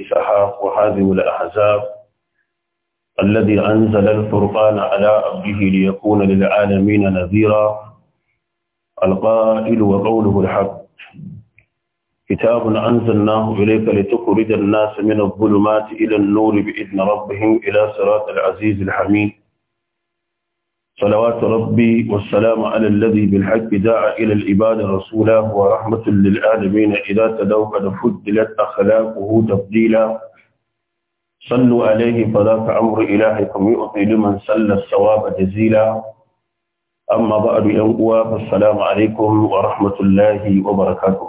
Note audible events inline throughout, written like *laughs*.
إسحاق وحازم الأحزاب الذي أنزل الفرقان على عبده ليكون للعالمين نذيرا القائل وقوله الحق كتاب أنزلناه إليك لتخرج الناس من الظلمات إلى النور بإذن ربهم إلى صراط العزيز الحميد صلوات ربي والسلام على الذي بالحق دعا إلى العباد رسوله ورحمة للعالمين إذا تدوقد فدلت أخلاقه تبديلا صلوا عليه فذاك أمر إلهكم يعطي لمن سل الثواب جزيلا أما بعد ينقوى فالسلام عليكم ورحمة الله وبركاته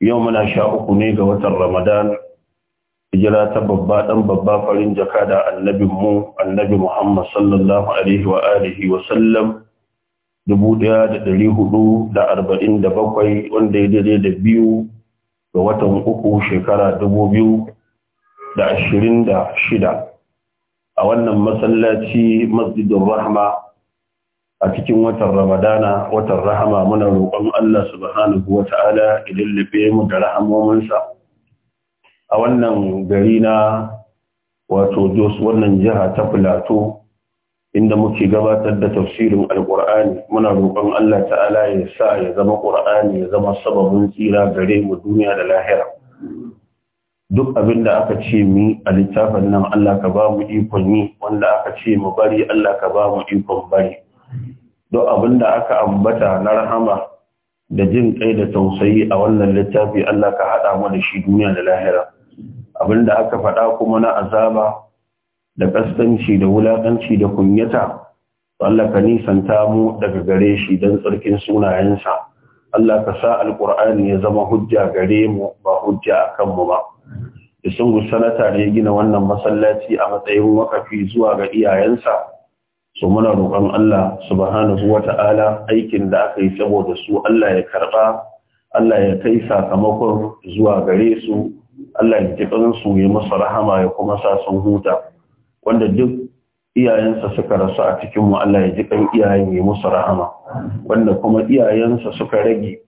يومنا شاء قنيق وتر رمضان hijira ta babba dan babba farin jaka da annabinmu mu annabi Muhammad sallallahu alaihi wa alihi wa sallam bakwai wanda ya daidai da biyu ga watan uku shekara shida, a wannan masallaci masjidin rahma a cikin watan ramadana watan rahama muna roƙon Allah subhanahu wa ta'ala idan mu da rahamominsa a wannan gari na wato jos wannan jiha ta filato inda muke gabatar da tafsirin alkur'ani muna roƙon Allah ta'ala ya sa ya zama ƙur'ani ya zama sababin tsira gare mu duniya da lahira duk abin da aka ce mi a littafin nan Allah ka ba mu ikon yi wanda aka ce mu bari Allah ka ba mu ikon bari duk abin da aka ambata na rahama da jin kai da tausayi a wannan littafi Allah ka haɗa mu da shi duniya da lahira abinda aka faɗa kuma na azaba da ƙasƙanci da wulaƙanci da kunyata Allah ka nisanta mu daga gare shi don tsarkin sunayensa Allah ka sa alƙur'ani ya zama hujja gare mu ba hujja a kanmu ba isungu sanata ne gina wannan masallaci a matsayin wakafi zuwa ga iyayensa Su muna roƙon Allah subhanahu wata'ala aikin da aka yi saboda su Allah ya karɓa Allah ya kai sakamakon zuwa gare su Allah ya kitan su ya masa rahama ya kuma sa sun huta wanda duk iyayensa suka rasu a cikin mu Allah ya ji kan iyayen ya musu rahama wanda kuma iyayensa suka rage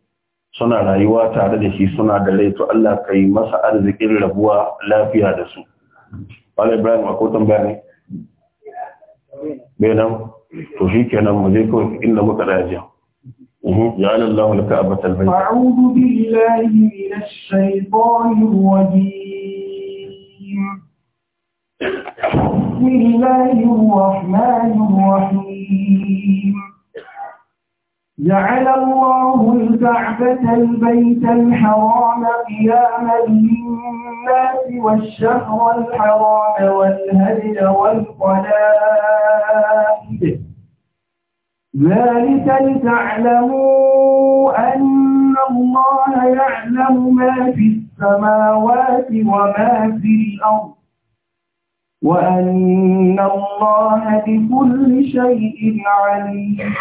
suna rayuwa tare da shi suna da rai to Allah kai masa arzikin rabuwa lafiya da su Wala Ibrahim a kotun bayani? Bai to shi kenan mu je kawai inda muka dajiya. جعل الله لك أبة البيت أعوذ بالله من الشيطان الرجيم بسم الله الرحمن الرحيم جعل الله الكعبة البيت الحرام قياما للناس والشهر الحرام والهدي والقلائد ذلك لتعلموا أن الله يعلم ما في السماوات وما في الأرض وأن الله بكل شيء عليم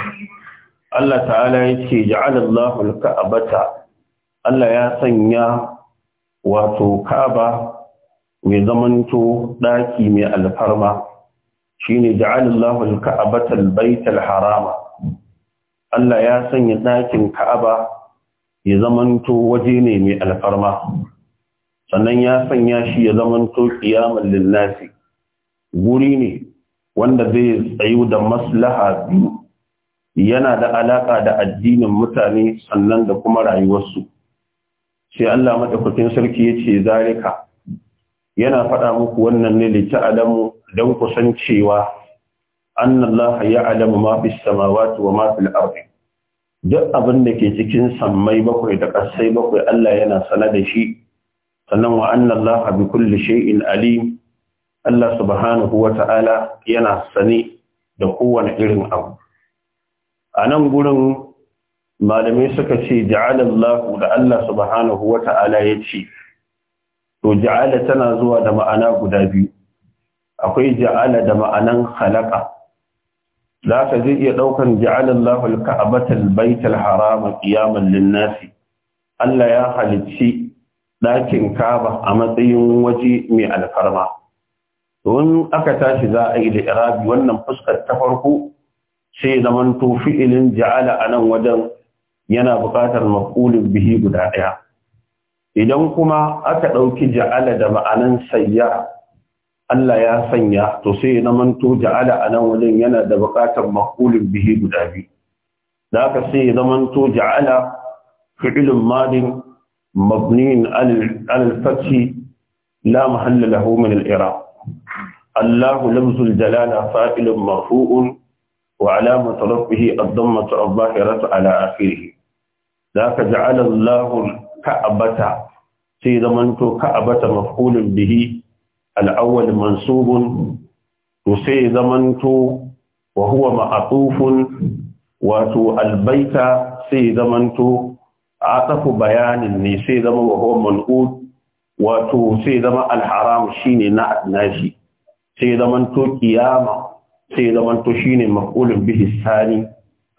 الله تعالى يتي جعل الله الكعبة الله يا سنيا wato kaba mai zamanto ɗaki mai alfarma shine ja'alallahu al-ka'bata Allah ya sanya ɗakin Ka'aba ya zamanto waje ne mai alfarma sannan ya sanya shi ya zamanto ƙiyamun lillafi guri ne wanda zai tsayu da maslaha biyu yana da alaƙa da addinin mutane sannan da kuma rayuwarsu sai Allah madaukakin sarki ya ce zarika. yana faɗa muku wannan ne ta alamu don kusancewa أن الله يعلم ما في السماوات وما في الأرض duk abin da ke cikin sammai bakwai da ƙasai bakwai Allah yana sana da shi sannan wa annallaha bi kulli shay'in alim Allah subhanahu wa ta'ala yana sane da kowane irin abu a nan gurin malamai suka ce ja'alallahu da Allah subhanahu wa ta'ala ya ce to ja'ala tana zuwa da ma'ana guda biyu akwai ja'ala da ma'anan khalaqa Za ka zai iya ɗaukan ja'alallahu al-ka'abatal baital haramun qiyaman lin-nasi Allah ya halicci ɗakin kaba a matsayin waje mai alfarma don aka tashi za a yi da irabi wannan fuskar ta farko sai zaman to fi'ilin ja'ala a nan wajen yana buƙatar maqulun bihi guda ɗaya idan kuma aka ɗauki ja'ala da ma'anan sayya Allah ya sanya to sai na manto ja'ala a nan wajen yana da buƙatar makulin bihi guda biyu da aka sai na manto ja'ala fi'ilun madin mabniyin al-fathi la mahalla lahu min al-i'rab Allah lafzul jalala fa'ilun marfu'un wa alamatu rafihi ad-dammatu adh-dhahiratu ala akhirih da aka ja'ala Allah ka'abata sai zamanto ka'abata maf'ulun bihi al'awwal mansubun to sai zamanto wa huwa ma'atufun wato albaita sai zamanto bayanin ne sai zama wa huwa man'ud wato sai zama alharam shine na nashi sai zamanto kiyama sai shine maf'ulun bihi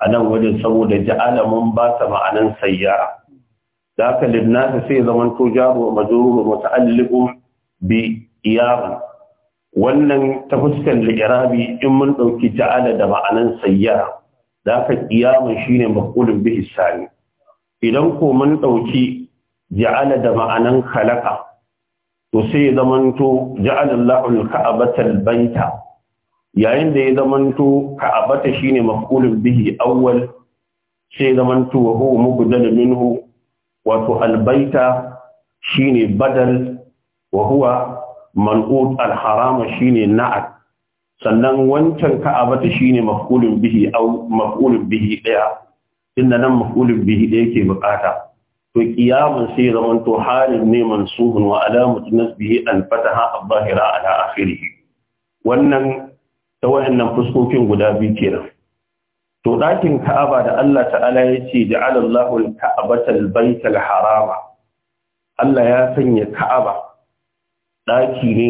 a nan wajen saboda ja'ala mun ba ta ma'anan sayyara da haka sai zamanto jaru wa majrur bi iyaru wannan ta fuskan li'irabi in mun ɗauki ja'ala da ma'anan sayyara da aka iyamun shine maqulun bihi sani idan ko mun ɗauki ja'ala da ma'anan khalaqa to sai ya zamanto ja'ala Allahu ka'abatar banta yayin da ya zamanto ka'abata shine maqulun bihi awwal sai zamanto wa huwa mubdal minhu wato albaita baita shine badal wa huwa man'ut al-harama shine na'at sannan wancan ka'aba ta shine maf'ulun bihi aw maf'ulun bihi daya inda nan maf'ulun bihi daya yake bukata to qiyamun sai zaman to halin ne mansubun wa alamatu nasbihi al-fataha al-zahira ala akhirih wannan ta wayannan fuskokin guda biyu kenan to ɗakin ka'aba da Allah ta'ala ya ce ja'ala Allahu al-ka'abata al harama Allah ya sanya ka'aba ɗaki ne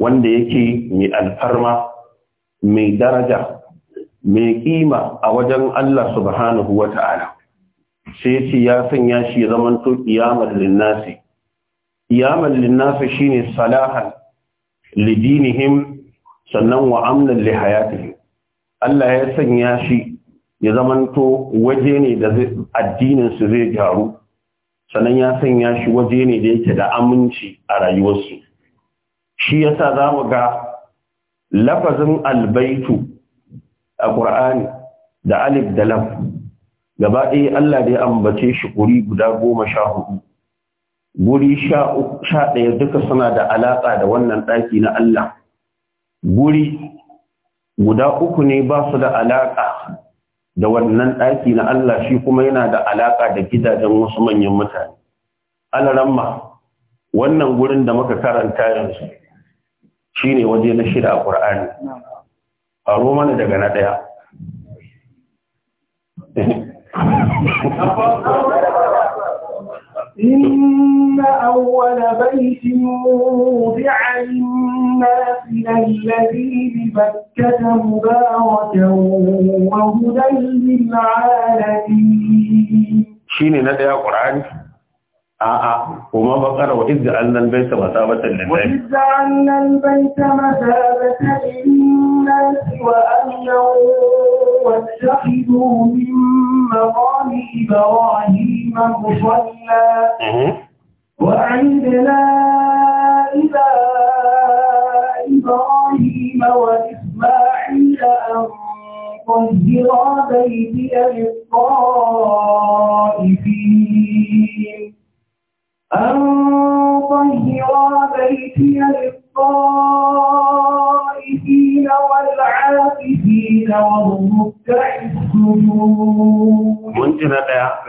wanda yake mai alfarma mai daraja mai ƙima a wajen Allah subhanahu wa ta'ala sai ce ya sanya shi ya zamanto Iyamar linnasi Iyamar linnasi shine salahan lidinihim sannan wa amnan li Allah ya sanya shi ya zamanto waje ne da addinin su zai gyaru sannan ya sanya shi waje ne da yake da aminci a rayuwarsu shi ya sa za mu ga lafazin albaitu a ƙur'ani da alif da lam gaba ɗaya Allah da ya ambace shi guri guda goma sha hudu guri sha ɗaya duka suna da alaƙa da wannan ɗaki na Allah guri guda uku ne ba su da alaƙa da wannan ɗaki na Allah shi kuma yana da alaƙa da gidajen wasu manyan mutane. Alaramma, wannan gurin da muka karanta yanzu shine ne waje na shida a ƙur'ani. A Romana daga na ɗaya. إن أول بيت موضع للناس الذي ببكة مباركا وهدى للعالمين شيني ندعي قرآن a'a kuma bakara wa idda annal baita masabatan lillahi wa idda annal baita masabatan واتخذوا من مقام إبراهيم مصلى وعندنا إلى إبراهيم وإسماعيل أن طهر بيتي للطائفين أن طهر بيتي للطائفين والعافين إليك واركع السجود منتنا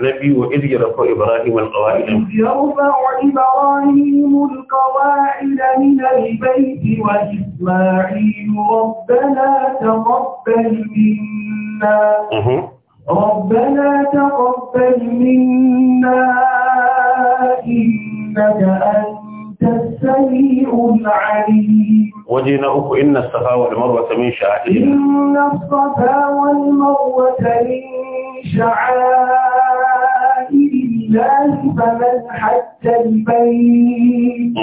لا نبي وإذ يرفع إبراهيم القواعد يرفع إبراهيم القواعد من البيت وإسماعيل ربنا تقبل منا ربنا تقبل منا إنك أنت وجينا أكو إن الصفا والمروة من شعائر إن الصفا والمروة من شعائر الله فمن حج البيت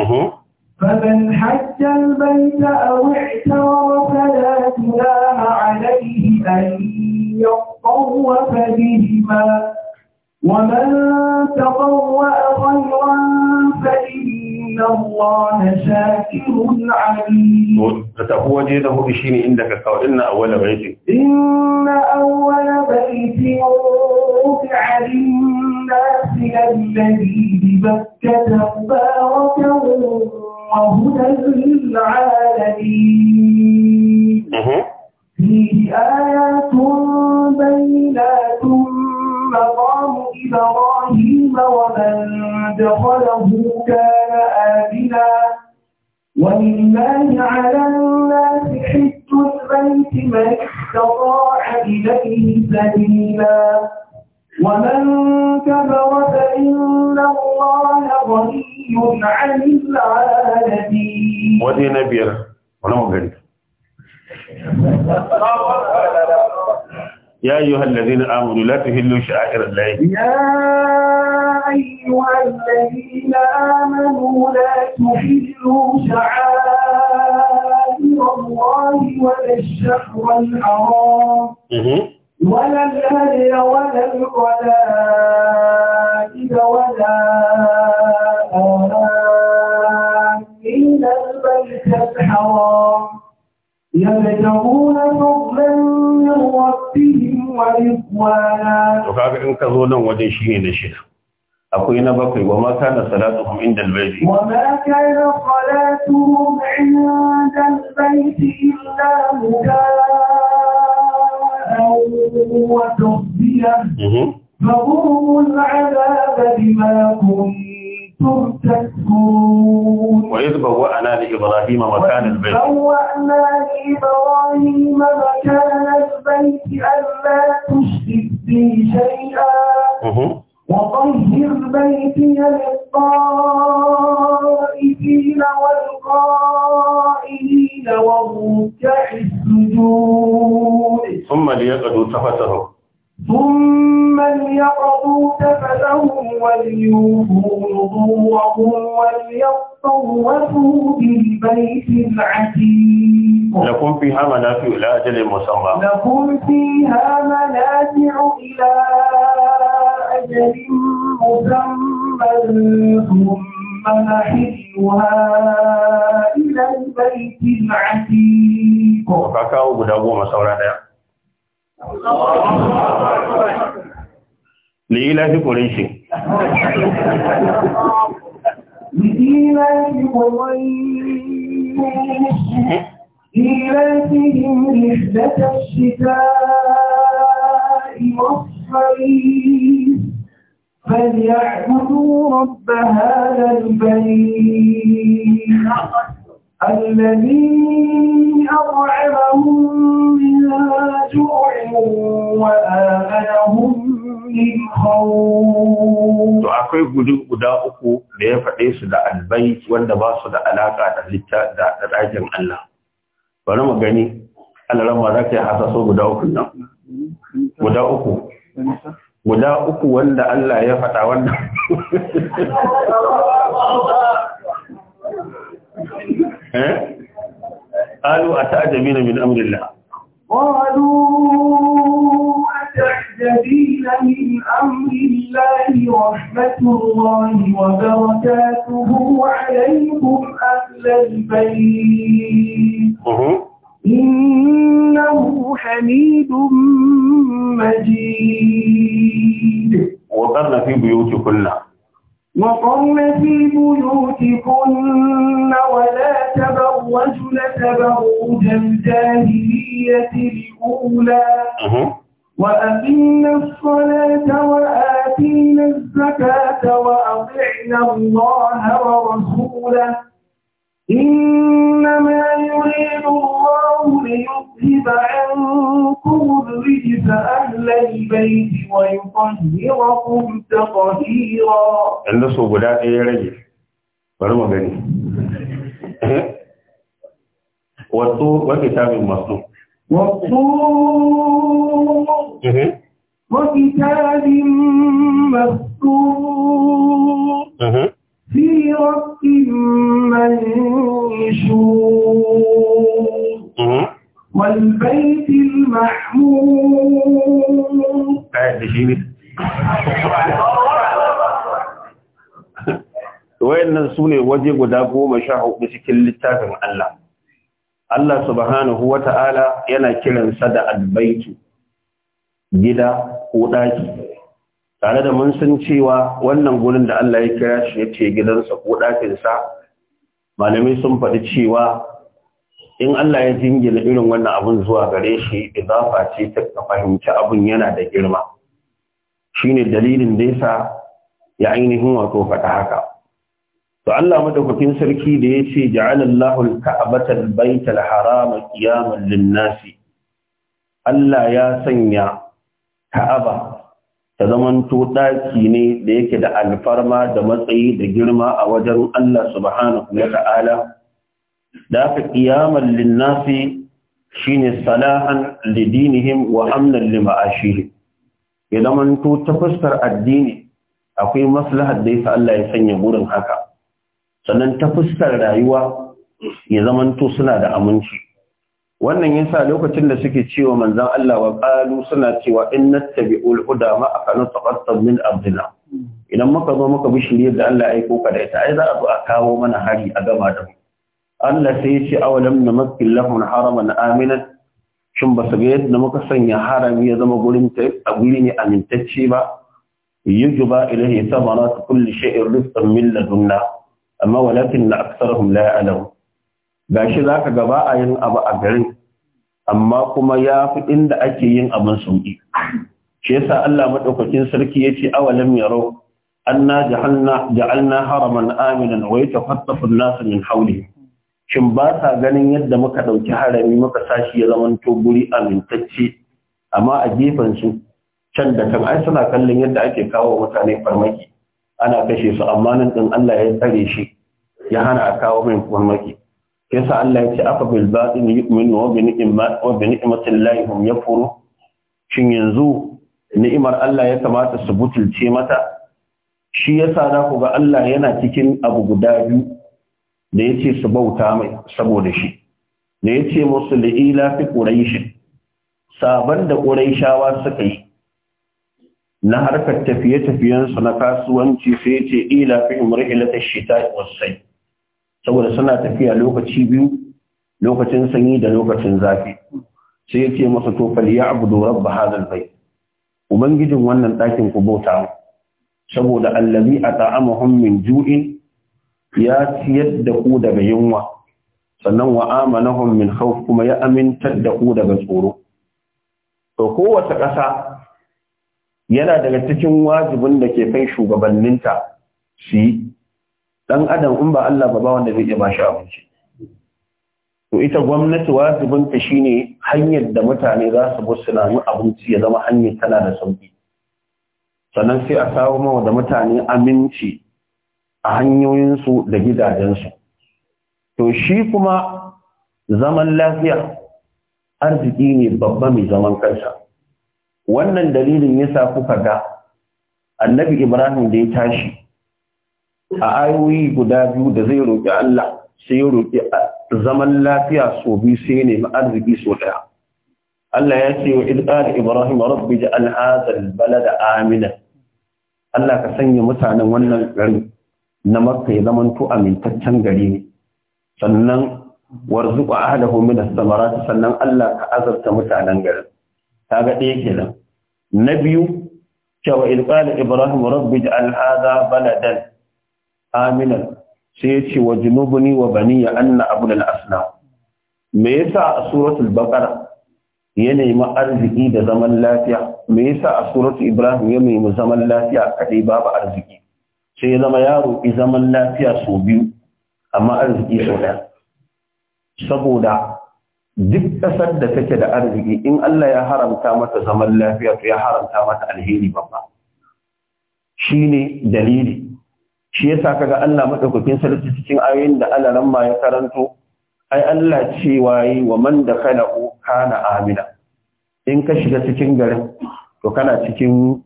فمن حج البيت أو اعترف فلا جناح عليه أن يطوف بهما ومن تطوأ خيرا فإن إن الله شاكر عليم فتقوى جيده بشين عندك إن أول بيت إن أول بيت وقع للناس الذي ببكة مباركا وهدى للعالمين فيه آيات بينات مقام إبراهيم ومن دخله كان آمنا ولله على الناس حج البيت من استطاع إليه سبيلا ومن كبر فإن الله غني عن العالمين ودي نبيرة ولا مغني يا أيها الذين آمنوا لا تهلوا شعائر الله يا أيها الذين آمنوا لا تهلوا شعائر الله ولا الشهر الحرام ولا الهدي ولا القلائد ولا آمين البيت الحرام yabtaghuna wajen shine da shi akwai na bakwai wa ma kana salatuhum inda albayti wa ma kana salatuhum inda albayti illa mudaa wa tuqdiya mhm. fa hum al'adaba bima kunu وإذ بوأنا لإبراهيم مكان البيت بوأنا لإبراهيم مكان البيت ألا تشرك بي شيئا وطهر بيتي للطائفين والقائلين والركع السجود ثم ليقضوا تفتهم ثم ليقضوا تفلهم وليوفوا نظورهم وليطوفوا بالبيت العتيق لكم فيها منافع إلى أجل مسمى لكم فيها منافع إلى أجل مسمى ثم محلها إلى البيت العتيق. وكاكاو بدأوا مسورة masalah Lè ta kò rí ṣe. Ìrẹ́sí kò فليعبدوا رب هذا البيت الذي أطعمهم من جوع وآمنهم To akwai gudun guda uku da ya faɗe su da albai wanda ba su da alaƙa da da ɗakin Allah. Bari mu gani, ma za ka yi hasaso guda uku nan. Guda uku. Guda uku wanda Allah ya faɗa wanda. *laughs* إيه؟ قالوا أتعجبين من أمر الله قالوا أتعجبين من أمر الله رحمة الله وبركاته عليكم أهل البيت أه. إنه حميد مجيد وقرن في كلها وقرن في بيوتكن ولا تبرجن تبرج الجاهلية الأولى وأقمنا الصلاة وآتينا الزكاة وأطعنا الله ورسوله إنما يريد الله ليذهب عنكم الرجس أهل البيت ويطهركم تطهيرا عند صوبنا إيه رجل برمى غني والطور وكتاب مصنوع والطور وكتاب مصنوع في رق منشور hmm? والبيت المحمود eh, wayannan su waje guda goma sha hudu cikin littafin Allah. Allah subhanahu wa yana kiransa da albaitu, gida ko ɗaki. tare da mun san cewa wannan gurin da Allah ya kira shi ya ce gidansa ko ɗakinsa malamai sun faɗi cewa in Allah ya jingina irin wannan abun zuwa gare shi idafa ce ta fahimci abun yana da girma shine dalilin da yasa ya ainihin wato faɗa haka to Allah madaukakin sarki da yace ja'alallahu al-ka'bata al-bayta al-harama qiyaman lin-nasi Allah ya sanya Ka'aba ta zamanto ɗaki ne da yake da alfarma da matsayi da girma a wajen Allah subhanahu wa ta'ala da aka ƙiyamar linnafi shine salahan lidinihim wa amnan lima'ashihim ya zamanto ta fuskar addini akwai maslahar da yasa Allah ya sanya gurin haka sannan ta fuskar rayuwa ya zamanto suna da aminci wannan yasa lokacin da suke cewa manzon Allah wa qalu suna cewa in nattabi'ul huda ma akanu taqattab min abdina idan muka zo muka bi shirye da Allah ya aiko ka da ita ai za a zo a kawo mana hari a gaba da mu Allah sai ya ce awalam namakkil lahum haraman aminan shin ba su ga yadda muka sanya harami ya zama gurin ta a guri ne amintacce ba yujuba ilayhi thamarat kulli shay'in rizqan min ladunna amma walakin aktharuhum la ya'lamun gashi zaka gaba a yin abu a garin amma kuma ya fi inda ake yin abin sauƙi shi yasa Allah madaukakin sarki ya ce awalam yaro anna jahanna ja'alna haraman aminan wa yatafattafu an-nasu min hawlihi shin ba sa ganin yadda muka ɗauki harami muka sashi ya zaman to guri amintacce amma a gefen su can da kan ai suna kallon yadda ake kawo mutane farmaki ana kashe su amma nan din Allah ya tsare shi ya hana a kawo mai farmaki yasa Allah ya ce afa bil batin yu'minu wa bi ni'mat wa bi ni'matillahi hum shin yanzu ni'imar Allah ya kamata su butulce mata shi yasa za ku ga Allah yana cikin abu guda biyu da yace su bauta mai saboda shi da yace musu li'ila fi quraish saban da quraishawa suka yi na harkar tafiye-tafiyensu na kasuwanci sai yace ila fi umri ila tashita wasai saboda suna tafiya lokaci biyu lokacin sanyi da lokacin zafi sai ya ce masa to fal ya'budu rabb hadha al ubangijin wannan ɗakin ku bauta saboda allazi at'amahum min ju'in ya ciyar da ku daga yunwa sannan wa amanahum min khawf kuma ya amintar da ku daga tsoro to kowace ƙasa yana daga cikin wajibin da ke kai shugabanninta su yi dan adam in ba Allah ba ba wanda zai iya bashi abinci to ita gwamnati wajibin ta shine hanyar da mutane za su bar su abinci ya zama hanyar tana da sauki sannan sai a samu mawa da mutane aminci a hanyoyin su da gidajen su to shi kuma zaman lafiya arziki ne babba mai zaman kansa wannan dalilin yasa kuka ga annabi ibrahim da ya tashi a ayoyi guda biyu da zai roƙi Allah sai ya roƙi zaman lafiya so biyu sai nemi arziki so ɗaya Allah ya ce wa idqal ibrahim rabbi ja'al hadha balada amina Allah ka sanya mutanen wannan gari na maka ya zamanto amintaccen gari ne sannan warzuqa ahlahu min as-samarat sannan Allah ka azarta mutanen garin ga ɗaya kenan na biyu cewa idqal ibrahim rabbi ja'al hadha baladan aminan sai ya ce wa junubuni wa bani ya anna abu da asna me yasa a suratul baqara ya nemi arziki da zaman lafiya me yasa a suratul ibrahim ya nemi zaman lafiya kadai babu arziki sai ya zama yaro i zaman lafiya sau biyu amma arziki sau ɗaya saboda duk ƙasar da take da arziki in Allah ya haramta mata zaman lafiya to ya haramta mata alheri babba shine dalili shi yasa kaga Allah madaukakin sarki cikin ayoyin da Allah nan ma ya karanto ai Allah cewa yi wa man da khalaqu kana amina in ka shiga cikin garin to kana cikin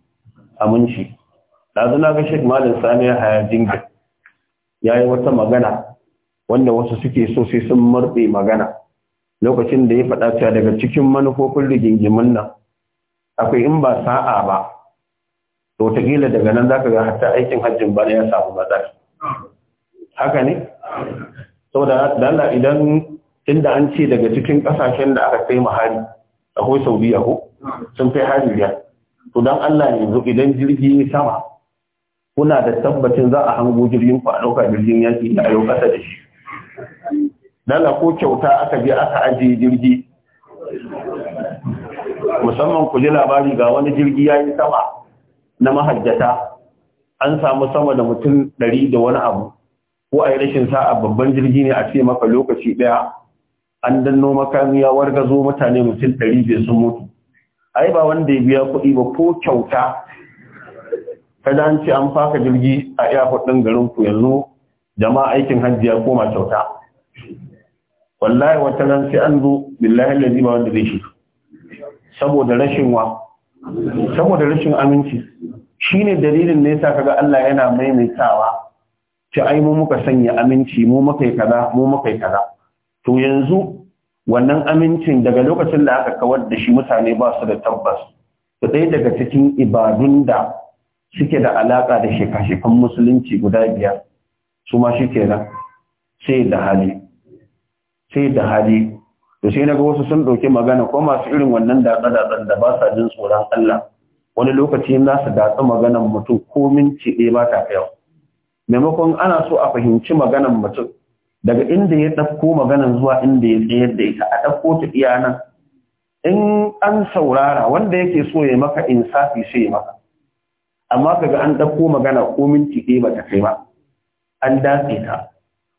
aminci dazu na ga Sheikh Malam Sani Hayajin yayi wata magana wanda wasu suke so sai sun murbe magana lokacin da ya faɗa cewa daga cikin manufofin rigingimin nan akwai in ba sa'a ba to wataƙila daga nan za ka ga hatta aikin hajjin bana ya samu matsala haka ne saboda dala idan inda an ce daga cikin kasashen da aka kai mahari akwai saudiya ko sun kai hari biyar to don allah zo idan jirgi sama kuna da tabbacin za a hango jirgin ku a ɗauka jirgin yaki, a yau ƙasa da shi dala ko kyauta aka bi aka ajiye jirgi musamman ku ji labari ga wani jirgi ya yi sama na mahajjata an samu sama da mutum ɗari da wani abu ko a yi rashin sa'a babban jirgi ne a ce maka lokaci ɗaya an danno makami ya wargazo mutane mutum ɗari bai sun mutu ai ba wanda ya biya kuɗi ba ko kyauta kada an ce an faka jirgi a iyakar ɗin garin ku yanzu jama'a aikin hajji ya koma kyauta wallahi wata ran sai an zo billahi lazi wanda zai shi saboda rashin wa saboda rashin aminci shine dalilin ne yasa kaga Allah yana maimaitawa ci ai mu muka sanya aminci mu muka yi kaza mu muka yi kaza to yanzu wannan amincin daga lokacin da aka kawar da shi mutane ba su da tabbas to dai daga cikin ibadun da suke da alaka da shekashekan musulunci guda biyar su ma shi kenan sai da hali sai da hali to sai naga wasu sun dauki magana ko masu irin wannan datsa datsan da ba sa jin tsoron Allah wani lokaci za su datsa maganar mutum ko minci ɗaya ba ta kaiwa maimakon ana so a fahimci maganan mutum daga inda ya ɗauko maganan zuwa inda ya tsayar da ita a ɗauko ta iya nan in an saurara wanda yake so ya maka insafi sai ya maka amma kaga an ɗauko magana ko minti ɗaya ba ta kai ba an datse ta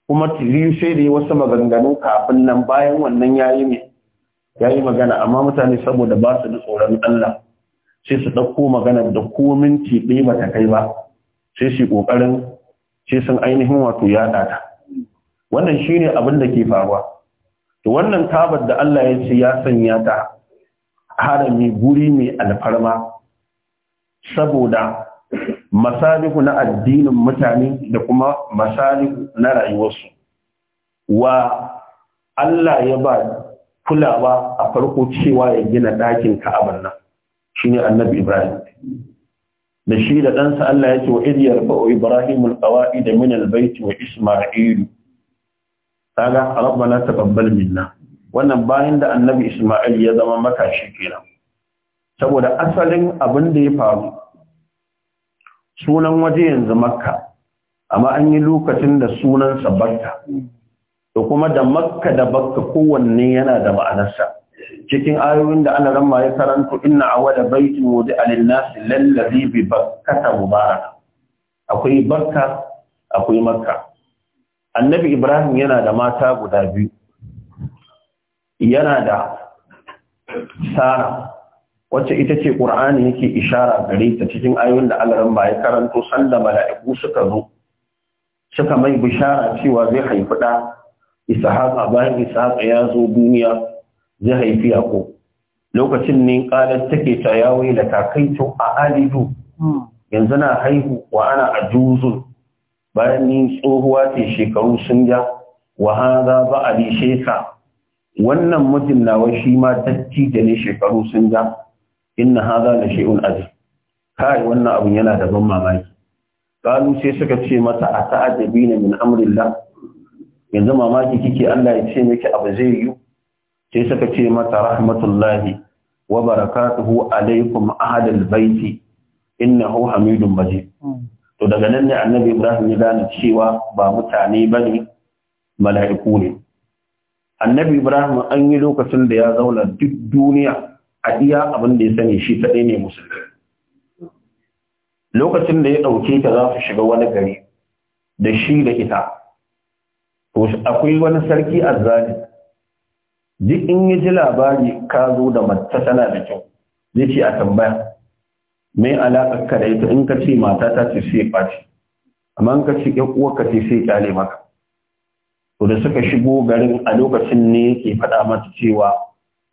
kuma tiliyu sai da wasu maganganu kafin nan bayan wannan yayi ne yayi magana amma mutane saboda ba su da tsoron Allah sai su ɗauko magana da ko minti ɗaya ba ta kai ba sai su ƙoƙarin sai sun ainihin wato yaɗa ta wannan shine abin da ke faruwa to wannan tabar da Allah ya ce ya sanya ta harami guri mai alfarma saboda masalihu na addinin mutane da kuma masaliku na rayuwarsu wa Allah ya ba kulawa a farko cewa ya gina ɗakin ka'abar nan shine annabi Ibrahim da shi da ɗansa Allah ya ce wa idiyar ba'o Ibrahim al-qawaid min al wa Isma'il kaga rabbana taqabbal minna wannan bayan da annabi Isma'il ya zama makashi kenan saboda asalin abin da ya faru sunan waje yanzu makka amma an yi lokacin da sunansa bakka da kuma da makka da bakka kowanne yana da ma'anarsa cikin ayoyin da ana ramma ya karanto inna awada baiti wudi alinnasi lallazi bi bakkata mubarak akwai bakka akwai makka annabi ibrahim yana da mata guda biyu yana da sara wacce ita ce ƙur'ani yake ishara gare ta cikin ayoyin da alarin ba ya karanto sanda mala'iku suka zo suka mai bishara cewa zai haifi ɗa ishaqa bayan ishaqa ya zo duniya zai haifi yako lokacin ne ƙalar take ta yawo da to a alidu yanzu na haihu wa ana a juzun bayan ni tsohuwa ce shekaru sun ja wa haza ba a lishe wannan mijin nawa shi ma datti da ne shekaru sun ja inna hadha la shay'un azim kai wannan abun yana da ban mamaki kalu sai suka ce mata a ta'ajabina min amrillah yanzu mamaki kike Allah ya ce miki abu zai yi sai suka ce mata rahmatullahi wa barakatuhu alaikum ahadal baiti innahu hamidun majid to daga nan ne annabi Ibrahim ya gane cewa ba mutane bane mala'iku ne annabi Ibrahim an yi lokacin da ya zauna duk duniya a iya abin da ya sani shi kaɗai ne musulmi lokacin da ya ɗauke ta za su shiga wani gari da shi da ita to akwai wani sarki a azzali duk in yi ji labari ka zo da mata tana da kyau zai ce a tambaya mai alaƙar ka da ita in ka ce mata ta ce sai ɓaci amma in ka ce ƴan uwarka ce sai ƙyale maka to da suka shigo garin a lokacin ne yake faɗa mata cewa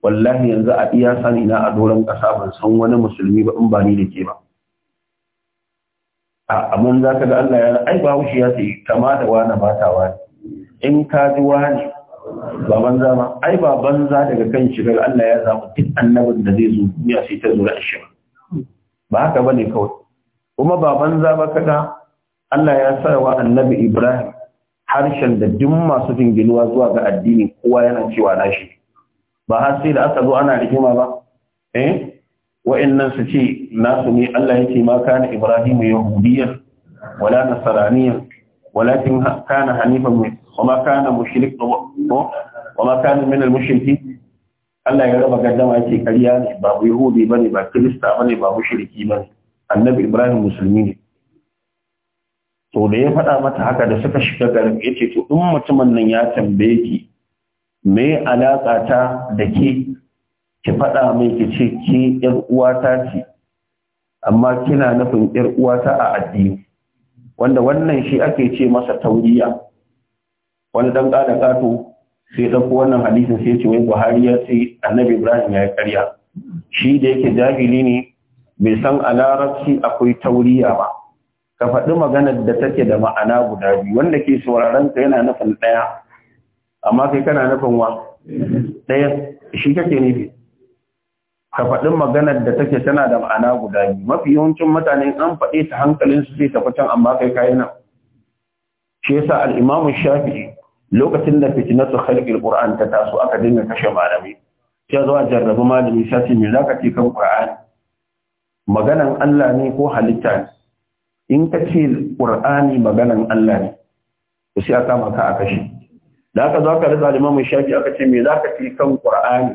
wallahi yanzu a iya sani na a doron ƙasa ban san wani musulmi ba in ba ni da ke ba a amman za ka ga Allah ya ai ba wuce ya sai kama da wani ba ta wani in ka ji wani ba banza ma ai ba banza daga kan shigar Allah ya zama duk annabin da zai zo duniya sai ta zura shi ba haka bane kawai kuma ba banza ba kada Allah ya sa wa annabi Ibrahim harshen da duk masu jingiluwa zuwa ga addini kowa yana cewa shi. ba har sai da aka zo ana rigima ba eh wa'annan su ce nasu ne Allah yake ma kana Ibrahim yahudiyyan wala nasraniyyan walakin kana hanifan mai kuma kana mushrik kuma kana min al-mushriki Allah ya raba gaddama yake kariya ne ba yahudi bane ba kirista bane ba mushriki bane annabi Ibrahim musulmi ne to da ya faɗa mata haka da suka shiga garin yace to in mutumin nan ya tambaye ki me alaƙa ta da ke ki faɗa mai ki ce ke uwata ce amma kina nufin ‘yar uwata a addini wanda wannan shi ake ce masa tauriya wani ɗan ƙada ƙato sai ɗauko wannan hadisin sai ce wai buhari ya ce annabi ibrahim ya yi ƙarya shi da yake jahili ne bai san a larabci akwai tauriya ba ka faɗi maganar da take da ma'ana guda biyu wanda ke sauraron ka yana nufin ɗaya amma kai kana nufin wa ɗayan shi kake nufi ka faɗin maganar da take tana da ma'ana guda biyu mafi yawancin mutane an faɗe ta hankalin su zai tafi can amma kai kayi nan shi yasa al-Imam Shafi'i lokacin da fitnatu khalqil Qur'an ta taso aka dinga kashe malami sai zuwa jarrabi malami sai me zaka ce kan Qur'an maganan Allah ne ko halitta ne in ka ce Qur'ani maganan Allah ne to sai kama ka a kashe da aka zo aka rasa limamin shafi aka ce me za ka fi kan qur'ani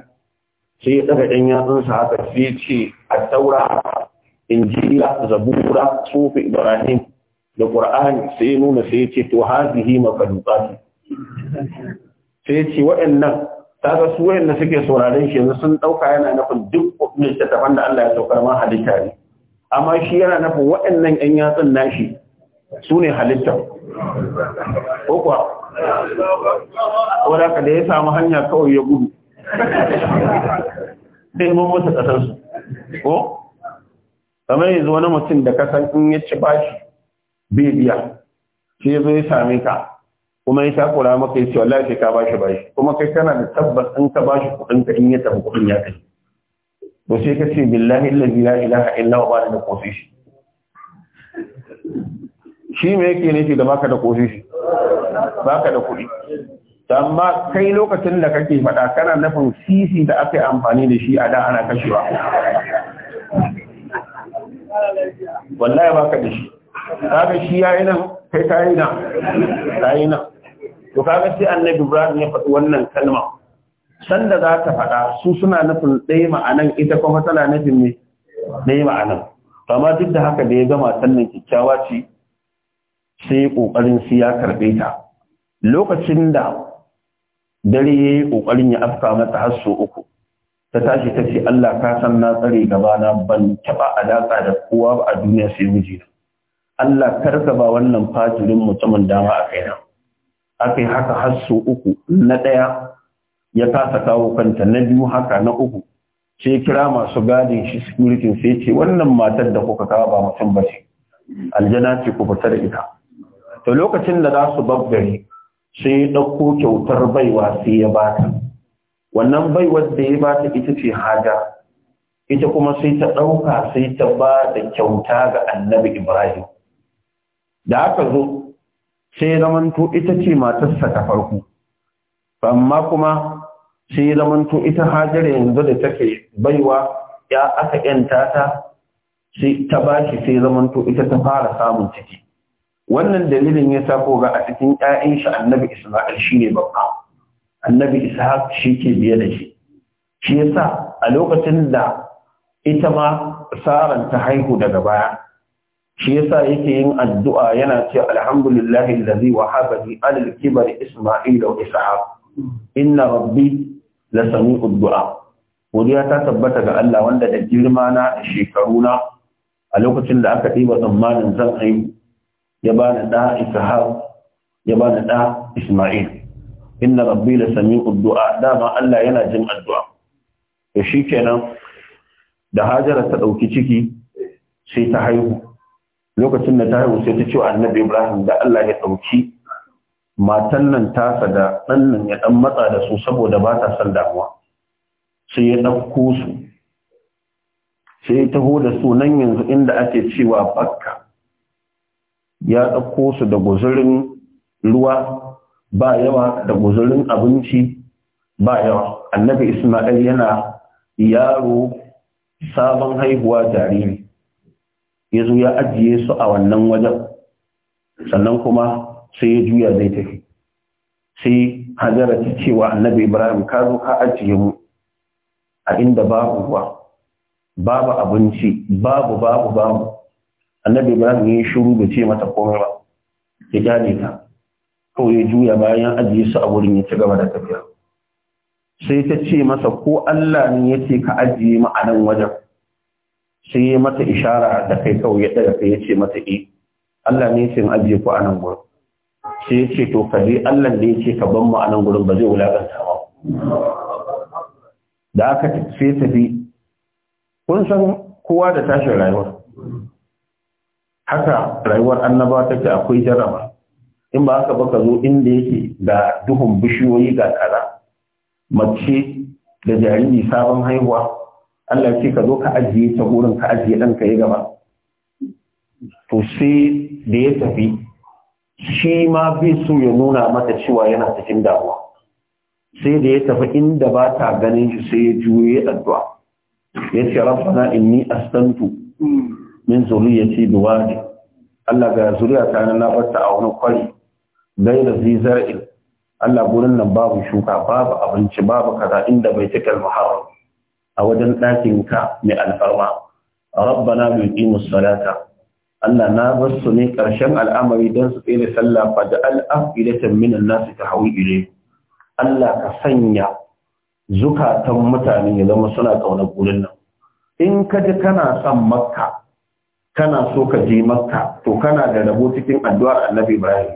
sai ya ɗaga ɗan yatsunsa haka sai ce a taura injila zabura sufi ibrahim da qur'ani sai nuna sai ce to hazihi su. sai ce waɗannan ga su waɗanda suke sauraron shi yanzu sun ɗauka yana nufin duk littattafan da Allah ya saukar ma halitta ne amma shi yana nufin waɗannan ƴan yatsun nashi su ne halitta ko kuwa wadda ka da ya samu hanya kawai ya gudu sai mun mutu ƙasarsu ko kamar zuwa wani mutum da ka san in ya ci bashi bai biya sai zo ya same ka kuma ya takura maka ya ce wa lafi ka bashi bashi kuma kai kana da tabbas in ka bashi kudin ka in ya tafi kudin ya kai to sai ka ce billahi lalzi ya ilaha illa huwa ba da kofi shi shi me yake nufi da baka da kofi shi baka da kuɗi amma kai lokacin da kake faɗa kana nufin sisi da aka yi amfani da shi a da ana kashewa wallahi baka da shi kaga shi yi nan kai yi nan nan to kaga sai annabi Ibrahim ya faɗi wannan kalma sanda za ta faɗa su suna nufin ɗaya ma'anan ita kuma tana nufin ne ɗaya ma'anan amma duk da haka da ya gama sannan kyakkyawa ce sai ƙoƙarin su ya karɓe ta lokacin da dare ya yi ƙoƙarin ya afka mata har sau uku ta tashi ta ce Allah ka san na tsare gabana ban taɓa alaƙa da kowa ba a duniya sai mijina Allah kar ka ba wannan fajirin mutumin dama a kaina akai haka har sau uku na ɗaya ya kasa kawo kanta na biyu haka na uku sai kira masu gadin shi security sai ce wannan matar da kuka kawo ba mutum ba ce aljana ce ku fita da ita to lokacin da za su babbare sai ya ɗauko kyautar baiwa sai ya ba ta, wannan baiwar da ya ba ta ita ce hajar ita kuma sai ta ɗauka sai ta ba da kyauta ga annabi ibrahim da aka zo sai zamanto ita ce matarsa ta farko amma kuma sai zamanto ita hajar yanzu da take baiwa ya aka yanta ta sai ta bashi sai zamanto ita ta fara samun ciki wannan dalilin ya sa ko ga a cikin ƴaƴan shi annabi Isma'il shine babba annabi Ishaq shi ke biye da shi shi yasa a lokacin da ita ma saran ta haihu daga baya shi yasa yake yin addu'a yana ce alhamdulillahi allazi wahabani alal kibar Isma'il wa ishaq inna rabbi la sami'ud du'a godiya ta tabbata ga Allah wanda da girma na shekaru na a lokacin da aka diba tsammanin zan haihu ya ba da Ishaq ya bani da Isma'il inna rabbi la sami'ud du'a dama Allah yana jin addu'a shi kenan. da Hajara ta ɗauki ciki sai ta haihu lokacin da ta haihu sai ta ce wa Annabi Ibrahim da Allah ya ɗauki. matan nan tasa da ɗan nan ya ɗan matsa da su saboda ba ta son damuwa sai ya ɗauko su sai ya taho da su nan yanzu inda ake cewa bakka ya ɗauko su da guzurin ruwa ba yawa da guzurin abinci ba yawa annabi isma'il yana yaro sabon haihuwa jariri ya zo ya ajiye su a wannan wajen sannan kuma sai ya juya zai tafi sai hajara ta cewa annabi ibrahim ka zo ka ajiye mu a inda babu ruwa babu abinci babu babu babu annabi ibrahim ya yi shiru da ce mata komai ba ya gane ta ko ya juya bayan ajiye su a wurin ya ci gaba da tafiya sai ta ce masa ko Allah ne ya ce ka ajiye mu a nan wajen sai ya mata ishara da kai kawai ya daga kai ya ce mata eh Allah ne ya ce ajiye ku a nan gurin sai ya ce to ka je Allah ne ya ce ka ban mu a nan gurin ba zai wulakanta ba da aka sai tafi kun san kowa da tashin rayuwa haka rayuwar annaba take akwai jaraba in ba haka ba ka zo inda yake da duhun bishiyoyi ga kara mace da jariri sabon haihuwa Allah ce ka zo ka ajiye ta gurin ka ajiye ɗan ka yi gaba to sai da ya tafi shi ma bai so ya nuna mata cewa yana cikin damuwa sai da ya tafi inda ba ta ganin shi sai ya juye addu'a ya ce rabbana inni astantu hmm. min zuriyati biwadi Allah ga zuriya ta na nabarta a wani kwari gaira zizar'in Allah gurin nan babu shuka babu abinci babu kaza inda bai cika muharram a wajen ɗakin ka mai alfarma rabbana bi qimus salata Allah na bar su ne ƙarshen al'amari don su tsere sallah fa da al'afidatan minan nasu ta hau ile Allah ka sanya zukatan mutane ya zama suna ƙaunar gurin nan in ka ji kana son makka kana so ka je makka to kana da rabo cikin addu'ar annabi ibrahim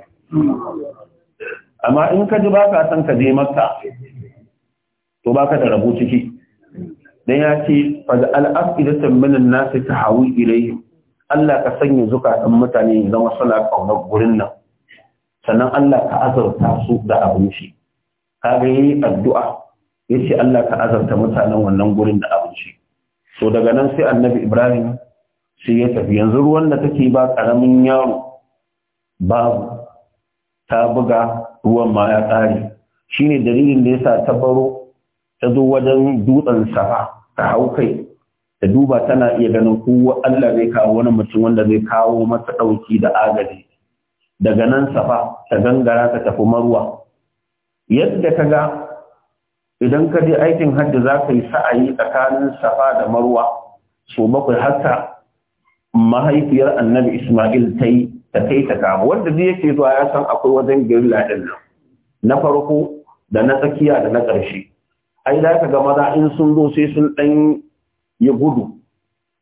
amma in ka ji ba ka san ka je makka to ba ka da rabo ciki dan ya ce fada al'afidatan minan nasu nas hawi ilayhi Allah ka sanya zukatan mutane zama suna ƙaunar gurin nan sannan Allah ka azarta su da abinci kaga yi addu'a yace ce Allah ka azarta mutanen wannan gurin da abinci To daga nan sai annabi ibrahim sai ya tafi yanzu ruwan da take ba ƙaramin yaro babu ta buga ruwan ma ya ƙare shine dalilin da ya sa ta baro ta zo wajen dutsen safa ta hau kai ta duba tana iya ganin ko Allah zai kawo wani mutum wanda zai kawo masa ɗauki da agaji daga nan safa ta gangara ta tafi marwa yadda ka ga idan ka je aikin hajji za ka yi sa'ayi tsakanin safa da marwa so bakwai haka mahaifiyar annabi Ismail ta yi ta kai ta kama wanda zai yake zuwa ya san akwai wajen girla ɗin nan na farko da na tsakiya da na ƙarshe ai za ka ga maza in sun zo sai sun ɗan yi gudu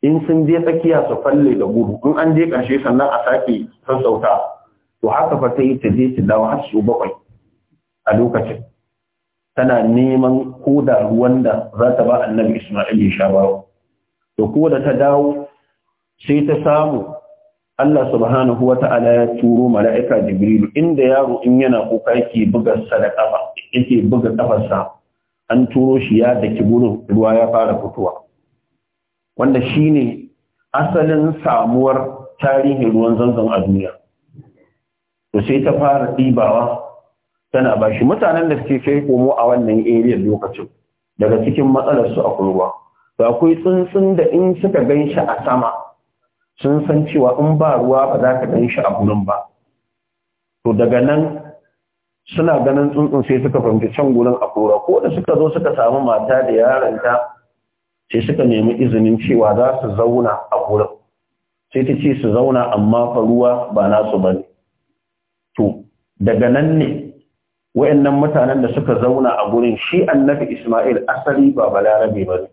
in sun je tsakiya su falle da gudu in an je ƙarshe sannan a sake sassauta to haka fa ta yi ta je ta dawo har su bakwai a lokacin tana neman ko da ruwan da za ta ba annabi Ismail ya sha bawa, to ko da ta dawo sai ta samu Allah subhanahu wa ta'ala ya turo mala'ika Jibrilu inda yaro in yana kuka yake buga sadaka ba yake buga kafarsa an turo shi ya daki gurin ruwa ya fara fitowa wanda shine asalin samuwar tarihin ruwan zanzan a duniya to sai ta fara ɗibawa tana ba shi mutanen da suke kai komo a wannan area lokacin daga cikin matsalar su akwai ruwa to akwai tsuntsun da in suka gan shi a sama sun san cewa in ba ruwa ba za ka ɗan shi a gurin ba to daga nan suna ganin tsuntsun sai suka fahimci can gurin a kora ko da suka zo suka samu mata da yaranta sai suka nemi izinin cewa za su zauna a gurin sai ta ce su zauna amma fa ruwa ba nasu ba ne to daga nan ne wayannan mutanen da suka zauna a gurin shi annabi Isma'il asali ba balarabe ba ne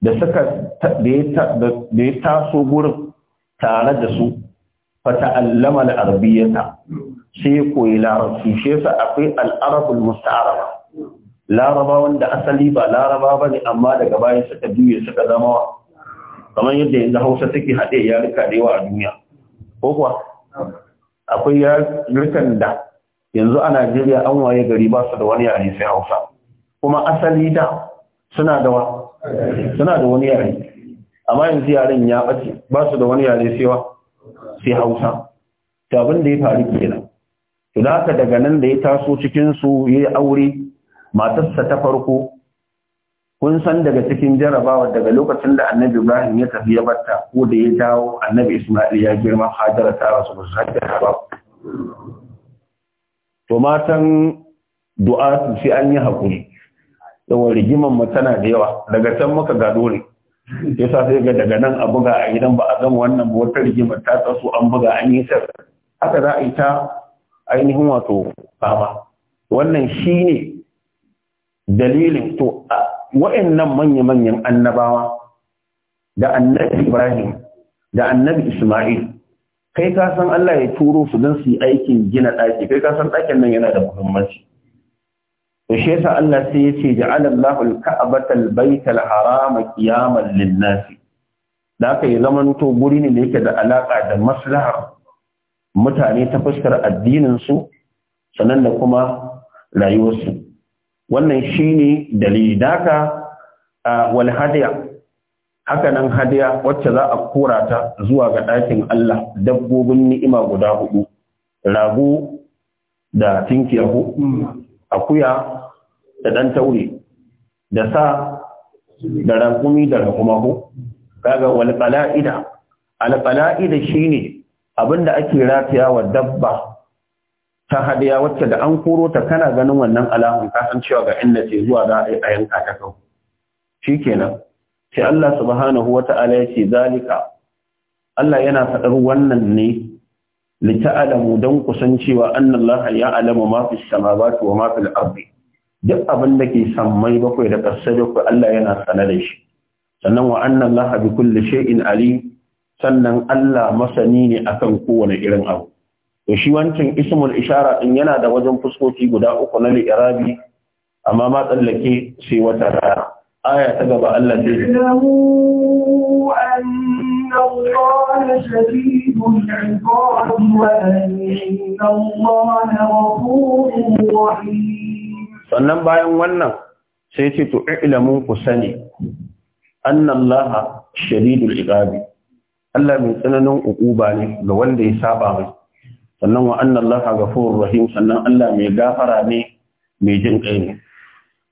da suka da ya taso gurin tare da su fata al-arabiyyata sai koyi larabci shi yasa akwai al musta'araba laraba wanda asali ba laraba ba ne amma daga bayan suka juye suka zama kamar yadda yanzu Hausa take hade yarika da yawa a duniya ko kuwa akwai yarukan da yanzu a Najeriya an waye gari ba su da wani yare sai Hausa kuma asali da suna da wani yare amma yanzu yaren ya ɓace ba su da wani yare cewa sai hausa To abin da ya faru kenan to da haka daga nan da ya taso cikinsu ya yi aure matarsa ta farko kun san daga cikin jarabawa daga lokacin da annabi ibrahim ya tafi ya batta ko da ya dawo annabi isma'il ya girma hajara ta rasu ba to matan du'a sai an yi hakuri, da rigiman mu tana da yawa daga can muka gado ne yasa sai ga daga nan a buga a gidan ba a gama wannan wata rigimar ta taso an buga an yi haka za a yi ta ainihin wato baba wannan shi ne dalilin to wa'annan manya-manyan annabawa da annabi ibrahim da annabi ismail kai ka san allah ya turo su don su yi aikin gina ɗaki kai ka san ɗakin nan yana da muhimmanci to shi Allah sai ya ce ja'ala Allahu al-ka'bata al baita al-harama qiyaman lin-nas da kai zaman zamanto guri ne da yake da alaka da maslaha mutane ta fuskar addinin su sanan da kuma rayuwarsu wannan shine dalili daka wal hadiya haka nan hadiya wacce za a kora ta zuwa ga ɗakin Allah dabbobin ni'ima guda hudu rago da tinkiya ko mm. akuya da ɗan taure da sa da rakumi da rakuma ko kaga wal qala'ida al qala'ida shine abinda ake rafiya wa dabba ta hadiya wacce da an koro ta kana ganin wannan alamun ka cewa ga inda ce zuwa za a yanka ta shi shikenan sai Allah subhanahu wata'ala ya ce zalika Allah yana faɗar wannan ne lita'alamu don kusan cewa annallaha ya alama ma fi samawati wa ma duk abin da ke sammai bakwai da ƙasa bakwai Allah yana sane da shi sannan wa annallaha bi kulli shay'in ali sannan Allah masani ne akan kowane irin abu to shi wancan ismul ishara din yana da wajen fuskoki guda uku na li'irabi amma ma tsallake sai wata rara. aya ta gaba Allah sai sannan bayan wannan sai ce to ilimin ku sani annallaha shadidul iqabi Allah mai tsananin uquba ne ga wanda ya saba mai sannan wa annallaha ga rahim sannan Allah mai gafara ne mai jin kai ne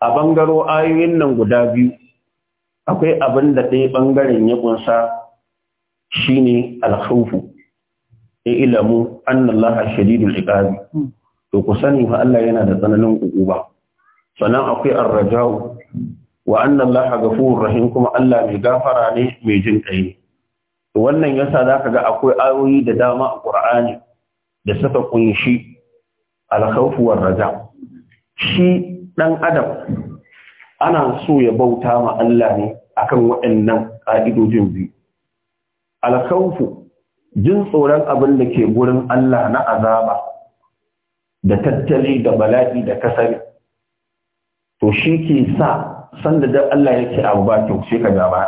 a bangaro ayoyin nan guda biyu akwai abin da ɗaya ɓangaren ya ƙunsa shine al-khawfu ilamu anna Allah shadidul iqab hmm. to ku sani fa Allah yana da tsananin ukuba sannan akwai ar-raja'u wa anna ghafurur rahim kuma Allah mai gafara ne mai jin kai to wannan yasa zaka ga akwai ayoyi da dama a Qur'ani da suka kunshi al war-raja' shi dan adam ana so ya bauta ma Allah ne akan waɗannan ƙa'idojin biyu alkhawfu jin tsoron abin da ke gurin Allah na azaba da tattali da bala'i da kasari to shi ke sa sanda da Allah yake abu ba kyau sai ka gaba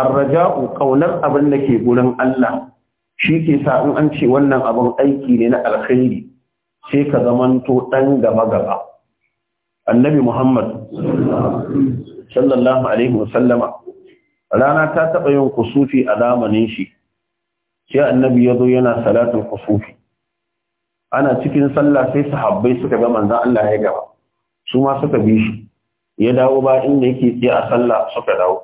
arraja'u kaunar abin da ke gurin Allah shi ke sa in an ce wannan abin aiki ne na alkhairi sai ka zamanto dan gaba gaba annabi Muhammad sallallahu alaihi wasallama rana ta taɓa yin kusufi a zamanin shi sai annabi ya zo yana salatul kusufi ana cikin sallah sai sahabbai suka ga manzon Allah ya gaba su ma suka bi shi ya dawo ba inda yake tsaye a sallah suka dawo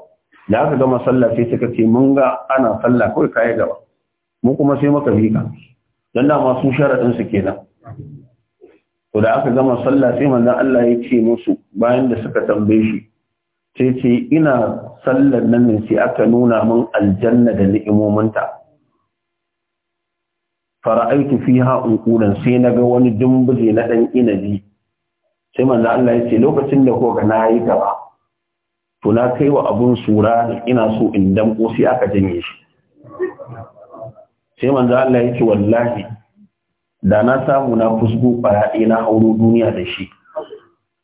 da aka gama sallah sai suka ce mun ga ana sallah kawai ya gaba mu kuma sai muka bi ka dan da masu sharadin su kenan to da aka gama sallah sai manzon Allah ya ce musu bayan da suka tambaye shi sai ce ina sallar nan ne sai aka nuna min aljanna da ni'imominta fara'aitu fiha unqulan sai naga wani dumbuje na dan inabi sai manzo Allah ya ce lokacin da ko ga nayi gaba to na kai wa abun sura ina so in ko sai aka janye shi sai manzo Allah ya ce wallahi da na samu na fusgo fara'i na hauro duniya da shi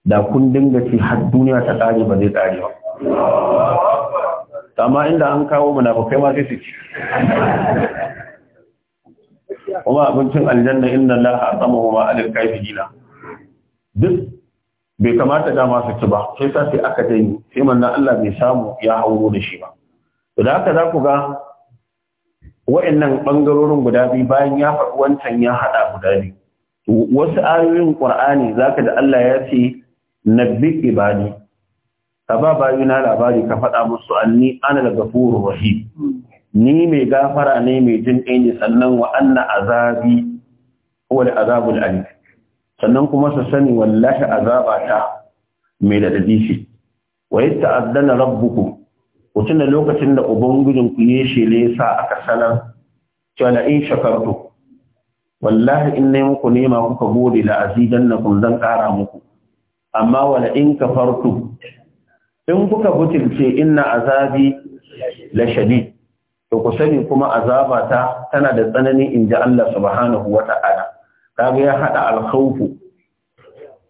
da kun dinga ci har duniya ta ƙare ba zai ƙare ba amma inda an kawo munafukai ma sai su ci kuma abincin aljanna inna Allah azama wa ma'al kafirina duk bai kamata dama su ci ba sai sa sai aka dani sai manzon Allah bai samu ya hauro da shi ba to da haka za ku ga wa'annan bangarorin guda biyu bayan ya faɗi wancan ya haɗa guda biyu wasu ayoyin Qur'ani zaka da Allah ya ce nabbi ibadi ka ba bayina labari ka faɗa musu anni ana da gafuru rahim ni mai gafara ne mai jin ne sannan wa anna azabi huwa da azabul alif sannan kuma su sani wallahi azaba ta mai da dadishi wa yata'addana rabbukum ku tuna lokacin da ubangijin ku ya shele sa aka sanar cewa la in shakartu wallahi in ne muku nema kuka gode la kun zan kara muku amma wala in kafartu in kuka butulce inna azabi la shadid to ku sani kuma azaba ta tana da tsanani in ji Allah subhanahu ta'ala kaga ya haɗa alkhawfu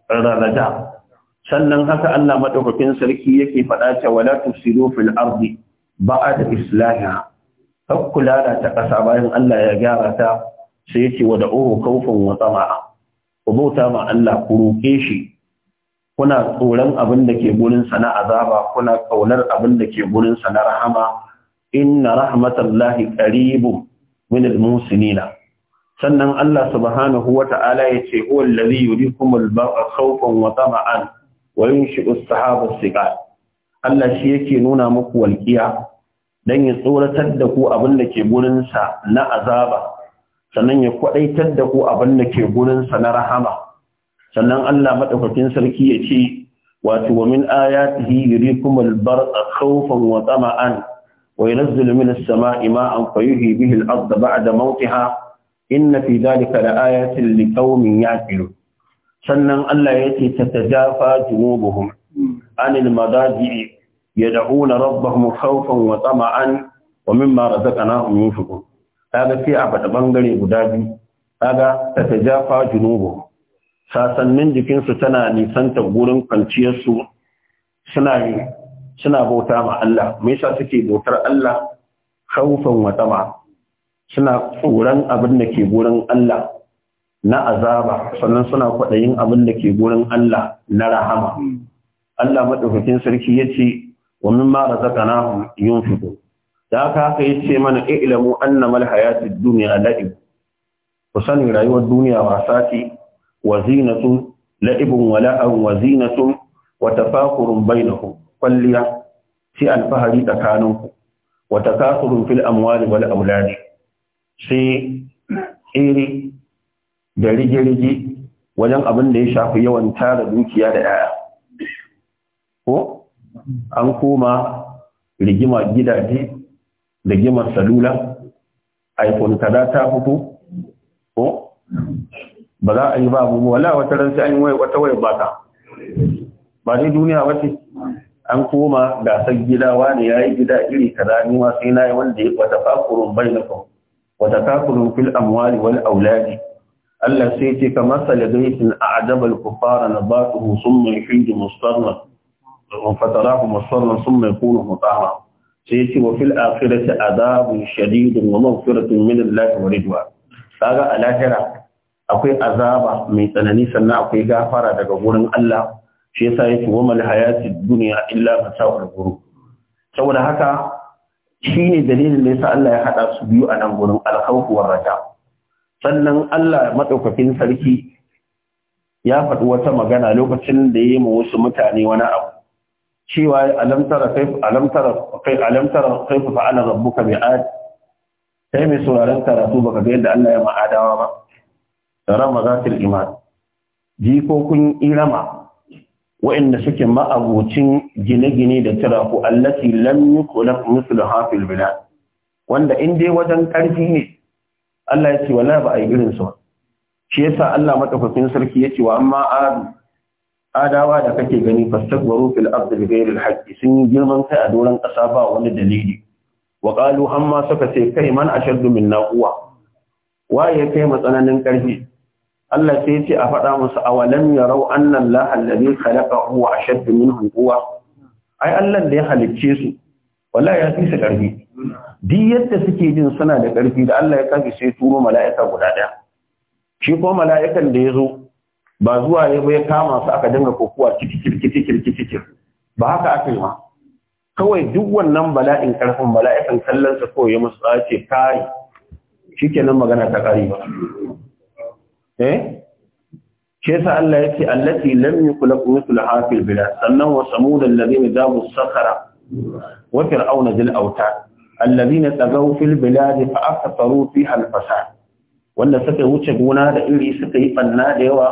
rarraja. sannan haka Allah madaukakin sarki yake faɗa ta wala tufsidu fil da ba'da islahiha kula da ta ƙasa bayan Allah ya gyara ta sai yake wa da'uhu khawfan wa tsama'a. ku bauta ma Allah ku roke shi kuna tsoron abin da ke gurin na azaba kuna kaunar abin da ke gurin na rahama inna rahmatallahi qaribun min almusinina sannan Allah subhanahu wata'ala yace huwa allazi yurikumul ba'a khawfan wa tama'an wa yunshi'u as-sahaba as-siqal Allah shi yake nuna muku walqiya dan ya tsoratar da ku abin da ke gurin sa na azaba sannan ya kwadaitar da ku abin da ke gurin sa na rahama sannan Allah madaukakin sarki ya ce wato wa min ayatihi yurikumul barqa khawfan wa tama'an wa yunzilu minas sama'i ma ma'an fayuhyi bihi al-ardha ba'da mawtiha inna fi dhalika laayatin liqaumin yaqilun sannan Allah ya ce tatajafa junubuhum anil madaji'i yad'una rabbahum khawfan wa tama'an wa mimma razaqnahum yunfiqun kaga sai a fada bangare guda biyu kaga tatajafa junubuhum sasannin jikinsu tana nisanta gurin kwanciyarsu suna suna bauta ma Allah me sa suke bautar Allah khawfan wa suna tsoron abin da ke gurin Allah na azaba sannan suna kwaɗayin abin da ke gurin Allah na rahama Allah maɗaukakin sarki yace wa mimma yin fito." da haka haka ya ce mana ilamu annama alhayatid dunya la'ib ku sani rayuwar duniya wasa ce wazinatu la'ibun wala'an wazinatu wa tafakurun bainakum kwalliya sai alfahari tsakaninku wa takasurun fil amwali wal auladi sai tsere da rige-rige wajen abin da ya shafi yawan tara dukiya da yaya ko an koma rigima gidaje rigimar salula iphone kaza ta fito ba za a yi ba abubuwa wala wata ran sai an yi wata waya ba ta ba dai duniya wace an koma gasar gida wani ya yi gida iri kaza ni ma sai na yi wanda ya wata fakurun bai na kan wata fakurun fil amwali wal auladi Allah sai ce ka masala gaisin a ajabal kufara na ba su husun mai hindu mustarna fatarahu mustarna sun mai kuna mutama sai ce wa fil akhirati adabun shadidun wa maghfiratun min Allah wa ridwa kaga a lahira akwai azaba mai tsanani sannan akwai gafara daga wurin Allah shi yasa yake wa mal hayati dunya illa mata'ul ghurur saboda haka shine dalilin da yasa Allah ya hada su biyu a nan gurin al-khawf war raja sannan Allah madaukakin sarki ya faɗi wata magana lokacin da yayi mu wasu mutane wani abu cewa alam tara kayf alam tara kai alam tara kayf fa'ala rabbuka bi'ad sai mai sauraron karatu baka ga yadda Allah ya ma'adawa ba rama zatul iman jikokin irama wa'inda suke ma'abucin gine-gine da tiraku allati lam yukulak mislu hafil bilad wanda in dai wajen karfi ne Allah ya ce wala ba a yi irin su shi yasa Allah madaukakin sarki ya ce wa amma adu adawa da kake gani fastakbaru fil ardi bi ghairi al haqqi sun yi girman kai a doran kasa ba wani dalili wa qalu amma suka ce kai man ashaddu minna quwwa waye kai matsananin karfi Allah sai ya ce a faɗa musu nan lahal da zai allazi khalaqahu a ashadd minhu hankuwa? ai Allah da ya halicce su Wala ya fi su karfi duk yadda suke jin suna da karfi da Allah ya kafi sai turo mala'ika guda ɗaya. shi ko mala'ikan da ya zo ba zuwa ya bai kama su aka dinga kokowa cikikirkikirkikir ba haka aka yi ma kawai duk wannan bala'in karfin bala'ikan kallon sa kawai ya musu tsace kai kenan magana ta kare ba E? shi Allah yake allati lam yukulaq mithlaha fil bilad sannan wa samud alladhina jabu sakhara wa fir'auna dil awtad alladhina tagaw fil bilad fa aktharu fiha al fasad wanda suka wuce gona da iri suka yi banna da yawa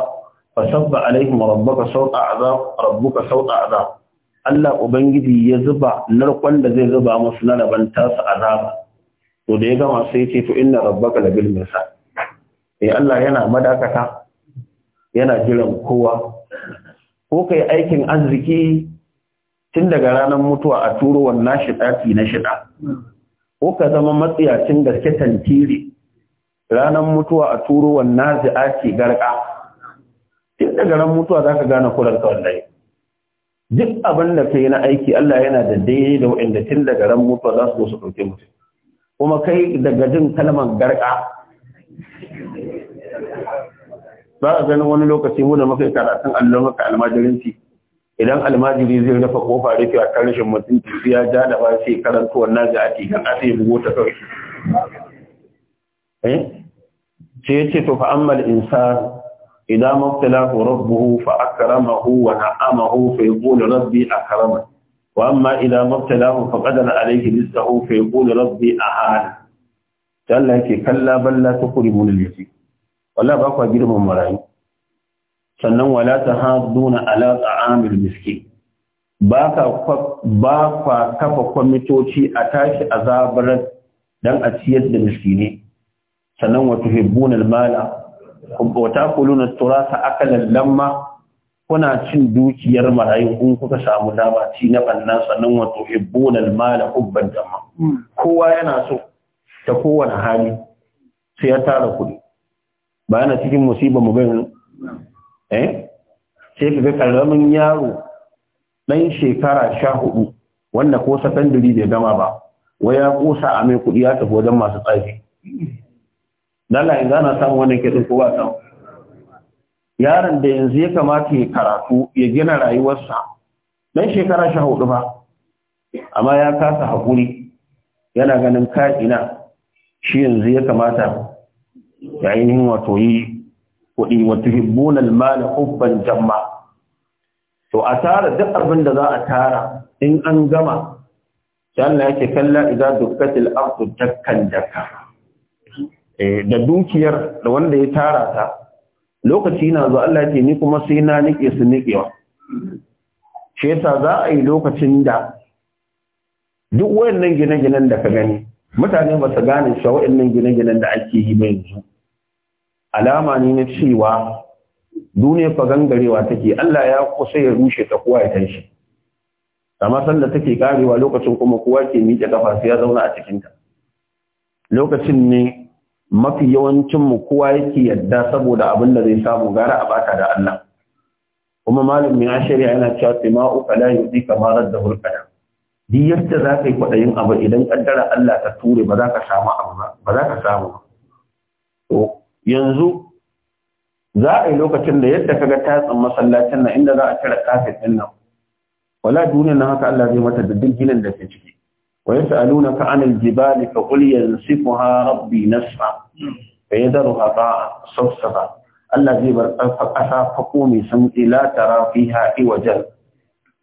fasabba alaihim rabbuka sawta azab rabbuka sawta azab Allah ubangiji ya zuba narkon da zai zuba musu na rabanta su azaba to da ya gama sai ya ce to inna rabbaka labil mirsad eh Allah yana madakata yana jiran kowa ko kai aikin arziki tun daga ranar mutuwa a turo shi ɗaki na shida, ko ka zama matsiyacin gaske tantiri ranar mutuwa a turo wannan zi'aki garka tun daga ranar mutuwa za ka gane wanda yi, duk abin da yi na aiki Allah yana da daidai da waɗanda tun daga ran mutuwa za su zo su ɗauke mutum kuma kai daga jin kalmar garka ba a ganin wani lokaci mu da muka yi karatun allon maka almajirinci idan almajiri zai rufe kofa rufe a karshen mutunci sai ya ja da ba sai karanta wannan ga ake kan ati bugo ta kawai eh ce yace to fa ammal insan idan mabtalahu rabbuhu fa akramahu wa na'amahu fa yaqulu rabbi akraman wa amma idan mabtalahu fa qadara alayhi rizqahu fa yaqulu rabbi ahana sai Allah yake kalla balla tukrimul yatim wala ba ku girman marayu sannan wala ta ala ta'amil miskin ba ka ba kwa kafa kwamitoci a tashi azabar dan a ciyar da miskine sannan wa tuhibbuna almala wa taquluna turasa akalan lamma kuna cin dukiyar marayu in kuka samu dama ci na banna sannan wa tuhibbuna almala hubban jama hmm. kowa yana so ta kowane hali sai ya tara kuɗi ba yana cikin musibar mu bayan eh sai ka ga karamin yaro ɗan shekara sha hudu wanda ko sakandiri bai gama ba wai ya kosa a mai kuɗi ya tafi wajen masu tsafi dala in ana samun wannan kiɗin ko ba samu yaron da yanzu ya kamata ya karatu ya gina rayuwarsa ɗan shekara sha hudu ba amma ya kasa hakuri yana ganin ka'ina shi yanzu ya kamata ya ainihin wato yi kuɗi wata hibbunan mala hubban jamma to a tara duk abin da za a tara in an gama Allah yake kalla iza dukkatil ardu dakkan dakka eh, da dukiyar da wanda ya tara ta lokaci na zo Allah yake ni kuma sai na nike su nikewa shi yasa za a yi lokacin da duk wayannan gine-ginen da ka gani mutane ba su gane cewa waɗannan gine-ginen da ake yi mai yanzu alama ne na cewa duniya fa gangarewa take Allah ya kusa ya rushe ta kowa ya tashi amma sanda take karewa lokacin kuma kowa ke miƙe kafa sai ya zauna a cikin ta lokacin ne mafi yawancin mu kowa yake yadda saboda abin da zai samu gara a baka da Allah kuma malamin shari'a yana cewa tima'u fala yudika ma radda hulqada duk yadda za ka yi kwaɗayin abu idan ƙaddara Allah ta ture ba za ka samu abu ba za ka samu yanzu za a yi lokacin da yadda kaga tatsin masallacin nan inda za a cire kafin ɗin nan wala duniya na haka Allah zai mata da duk ginin da ke ciki wa yas'aluna ka anil jibali fa qul yansifuha rabbi nasfa fa a qa'a safsafa Allah zai bar ƙasa fa mai sun ila tara fiha wajen.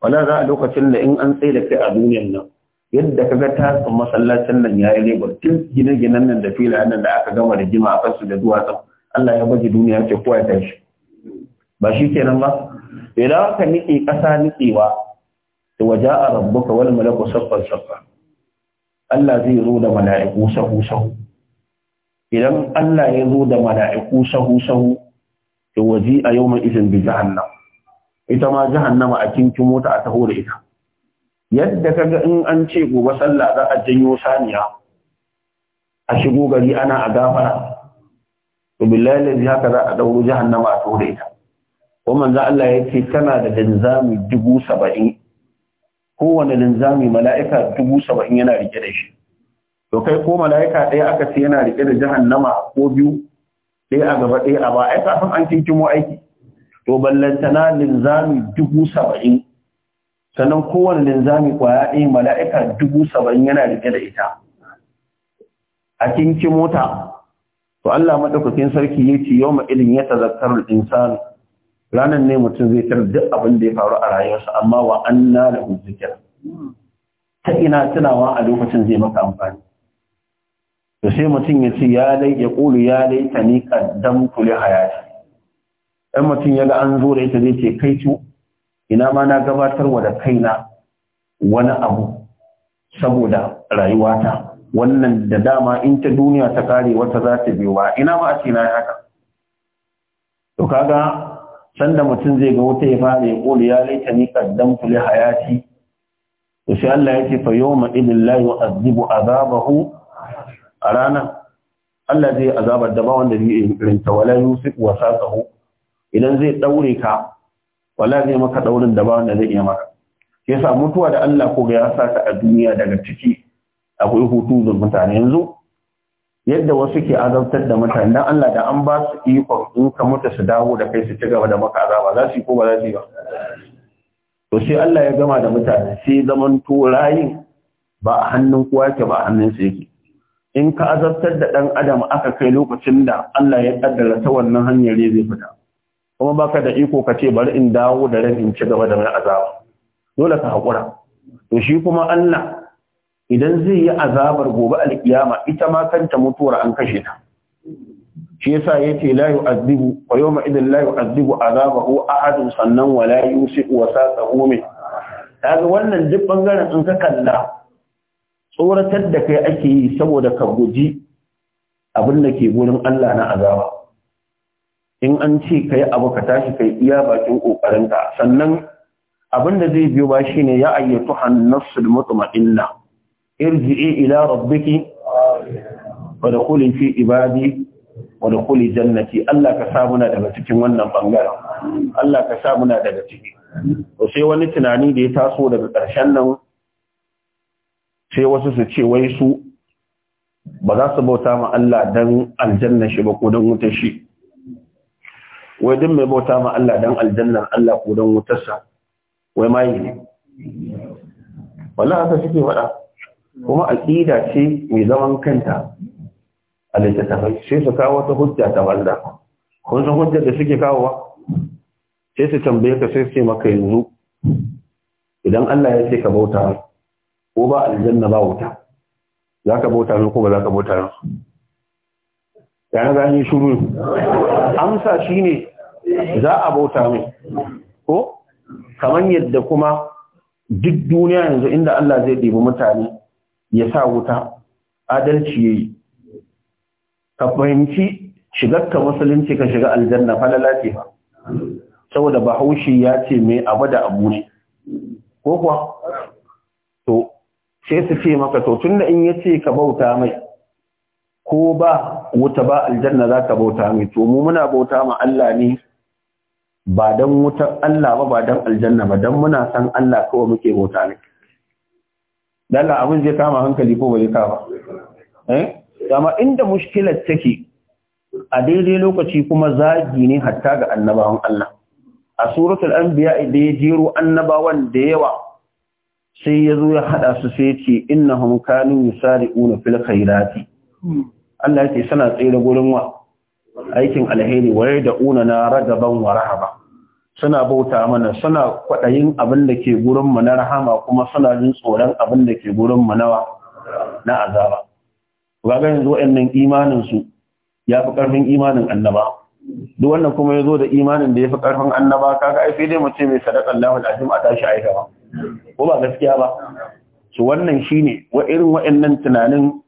wala za a lokacin da in an tsaye da kai a duniyan nan yadda ka ga tasin masallacin nan ya yi lebar tun gine-ginen nan da filayen nan da aka gama da jima a kansu da duwatsun Allah ya baje duniya ce kowa ya shi. ba shi ke nan ba idan aka niƙe ƙasa niƙewa da waje a rabbuka wani malaku saffan saffa Allah zai zo da mala'iku sahu sahu idan Allah ya zo da mala'iku sahu sahu to waje a yau mai izin bi jahannam ita ma jahannama a kinkin mota a taho da ita yadda kaga in an ce gobe sallah za a janyo saniya a shigo gari ana a gafara to billahi lazi haka za a dauro jahannama a taho da ita kuma za Allah ya ce tana da linzami dubu saba'in kowane linzami mala'ika dubu saba'in yana rike da shi to kai ko mala'ika ɗaya aka ce yana rike da jahannama ko biyu ɗaya a gaba ɗaya a ba kafin an kinkimo aiki to ballantana linzami dubu saba'in sannan kowane linzami kwaya ɗaya mala'ika dubu saba'in yana rike da ita a kinki mota to Allah madaukakin sarki ya ce yau ma'ilin ya tazakkarul insan ranar ne mutum zai tar duk abin da ya faru a rayuwarsa amma wa an na da ta ina tunawa a lokacin zai maka amfani to sai mutum ya ce ya dai ya ƙulu ya dai ta ni kaddam kuli hayati ɗan mutum ya ga an zo da ita zai ce kai cu ina ma na gabatarwa da kaina wani abu saboda rayuwata wannan da dama in ta duniya ta kare wata za ta biyo ba ina ma a ce na haka to kaga sanda mutum zai ga wata ya fara ya kula ya laita ni qaddamtu li hayati to sai Allah ya ce fa yawma idin la yu'adhibu azabahu a ranar Allah zai azabar da ba wanda zai rinta wala yusuf wa saqahu idan zai daure ka wala zai maka daurin da ba wanda zai iya maka yasa mutuwa da Allah ko ya sa ka a duniya daga ciki akwai hutu da mutane yanzu yadda wasu ke azabtar da mutane dan Allah da an ba su ikon in ka mutu su dawo da kai su ci gaba da maka azaba za su yi ko ba za su yi ba to sai Allah ya gama da mutane sai zaman to ba a hannun kowa ke ba a hannun su yake in ka azabtar da dan adam aka kai lokacin da Allah ya kaddara ta wannan hanyar zai fita kuma baka da iko ka ce bari in dawo da ran in ci gaba da mai azaba dole ka hakura to shi kuma Allah idan zai yi azabar gobe alkiyama ita ma kanta mutuwar an kashe ta shi yasa yace la yu'adhibu wa yawma idhin la yu'adhibu azabahu ahad sannan wa la yusiqu wa saqahu min kaga wannan duk bangaren in ka kalla tsoratar da kai ake yi saboda ka guji abin da ke gurin Allah na azaba in an ce ka yi abu ka tashi ka yi iya bakin ƙoƙarinka sannan abin da zai biyo ba shi ne ya ayyatu hannasul mutma'inna irji'i ila rabbiki wa da kulin fi ibadi wa jannati Allah ka sa muna daga cikin wannan bangaren Allah ka sa muna daga ciki to sai wani tunani da ya taso daga ƙarshen nan sai wasu su ce wai su ba za su bauta ma Allah dan aljanna shi ba ko dan wutar shi wai duk mai bauta ma Allah dan aljannar Allah ko dan wutarsa wai mai ne wallahi haka suke faɗa kuma aqida ce mai zaman kanta a littattafai sai su kawo wata hujja ta wanda. kun san hujjar da suke kawowa sai su tambaye ka sai su ce maka yanzu idan Allah ya ce ka bauta ko ba aljanna ba wuta za ka bauta ko ba za ka bauta yana za shiru shuru amsa shine za a bauta mai ko kamar yadda kuma duk duniya yanzu inda Allah zai ɗebi mutane ya sa wuta adalci ya yi ka fahimci ka musulunci ka shiga aljanna falala ce ba saboda bahaushe ya ce mai abu da abu ne ko kuwa to sai su ce maka to tunda in ya ce ka bauta mai ko ba wuta ba aljanna za ka bauta mai to mu muna bauta ma Allah ne ba don wutar Allah ba ba don aljanna ba don muna san Allah kawai muke bauta ne dalla abin zai kama hankali ko bai kama eh dama inda mushkilar take a daidai lokaci kuma zagi ne hatta ga annabawan Allah a suratul anbiya da ya jero annabawan da yawa sai ya zo ya haɗa su sai ce innahum kanu yusari'una fil khairati hmm. Allah yake sana tsere gurin wa aikin alheri waye da una na ragaban wa rahaba suna bauta mana suna kwadayin abin da ke gurin mu na rahama kuma suna jin tsoron abin da ke gurin mu nawa na azaba ga yanzu wannan imanin su ya fi ƙarfin imanin annaba duk wannan kuma ya zo da imanin da ya fi ƙarfin annaba kaga ai sai dai mu ce mai sadaqa Allahu alazim a tashi aika ba ko ba gaskiya ba su wannan shine wa irin wa'annan tunanin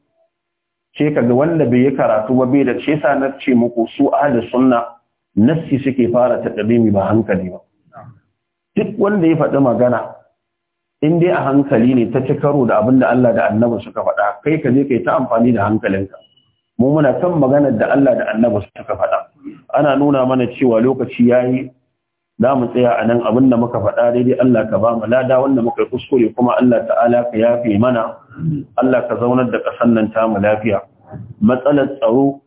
Ka kaga wanda bai yi karatu ba bai da ce sa na ce muku su ahlus sunna nassi suke fara ta ɗab'imi ba hankali ba duk wanda ya faɗi magana in dai a hankali ne ta ci karo da abin da Allah da annabi suka faɗa kai ka je kai ta amfani da hankalinka mu muna kan maganar da Allah da annabi suka faɗa ana nuna mana cewa lokaci yayi za mu tsaya a nan abin da muka faɗa daidai Allah ka ba mu lada wanda muka kuskure kuma Allah ta'ala ka yafe mana Allah ka zaunar da ƙasar nan tamu lafiya matsalar tsaro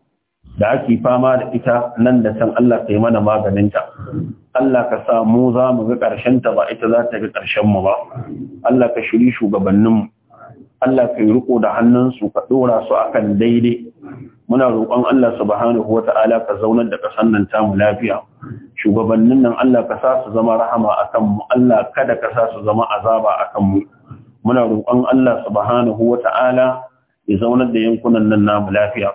da ake fama da ita nan da can Allah ka yi mana maganinta Allah ka sa mu za mu ga ta ba ita za ta ga ƙarshen mu ba Allah ka shiri shugabanninmu Allah ka yi riko da hannunsu ka ɗora su akan daidai muna roƙon Allah su subhanahu wata'ala ka zaunar da ƙasar nan tamu lafiya shugabannin nan Allah ka sa su zama rahama a kanmu. Allah kada ka sa su zama azaba a kanmu. muna roƙon Allah subhanahu wa ta'ala ya zaunar da yankunan nan namu lafiya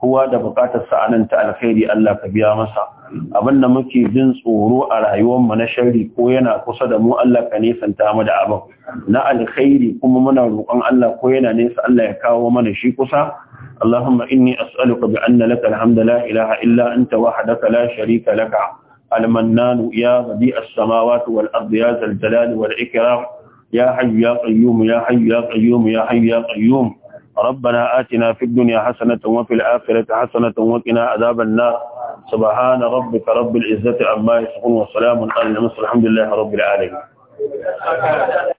kowa da buƙatar sa'ananta ta alkhairi Allah ka biya masa abin da muke jin tsoro a rayuwar mu na sharri ko yana kusa da mu Allah ka nisanta mu da abin na alkhairi kuma muna roƙon Allah ko yana nesa Allah ya kawo mana shi kusa اللهم إني أسألك بأن لك الحمد لا إله إلا أنت وحدك لا شريك لك المنان يا بديع السماوات والأرض يا ذا الجلال والإكرام يا حي يا قيوم يا حي يا قيوم يا حي يا قيوم ربنا آتنا في الدنيا حسنة وفي الآخرة حسنة وقنا عذاب النار سبحان ربك رب العزة عما يصفون وسلام على المرسلين الحمد لله رب العالمين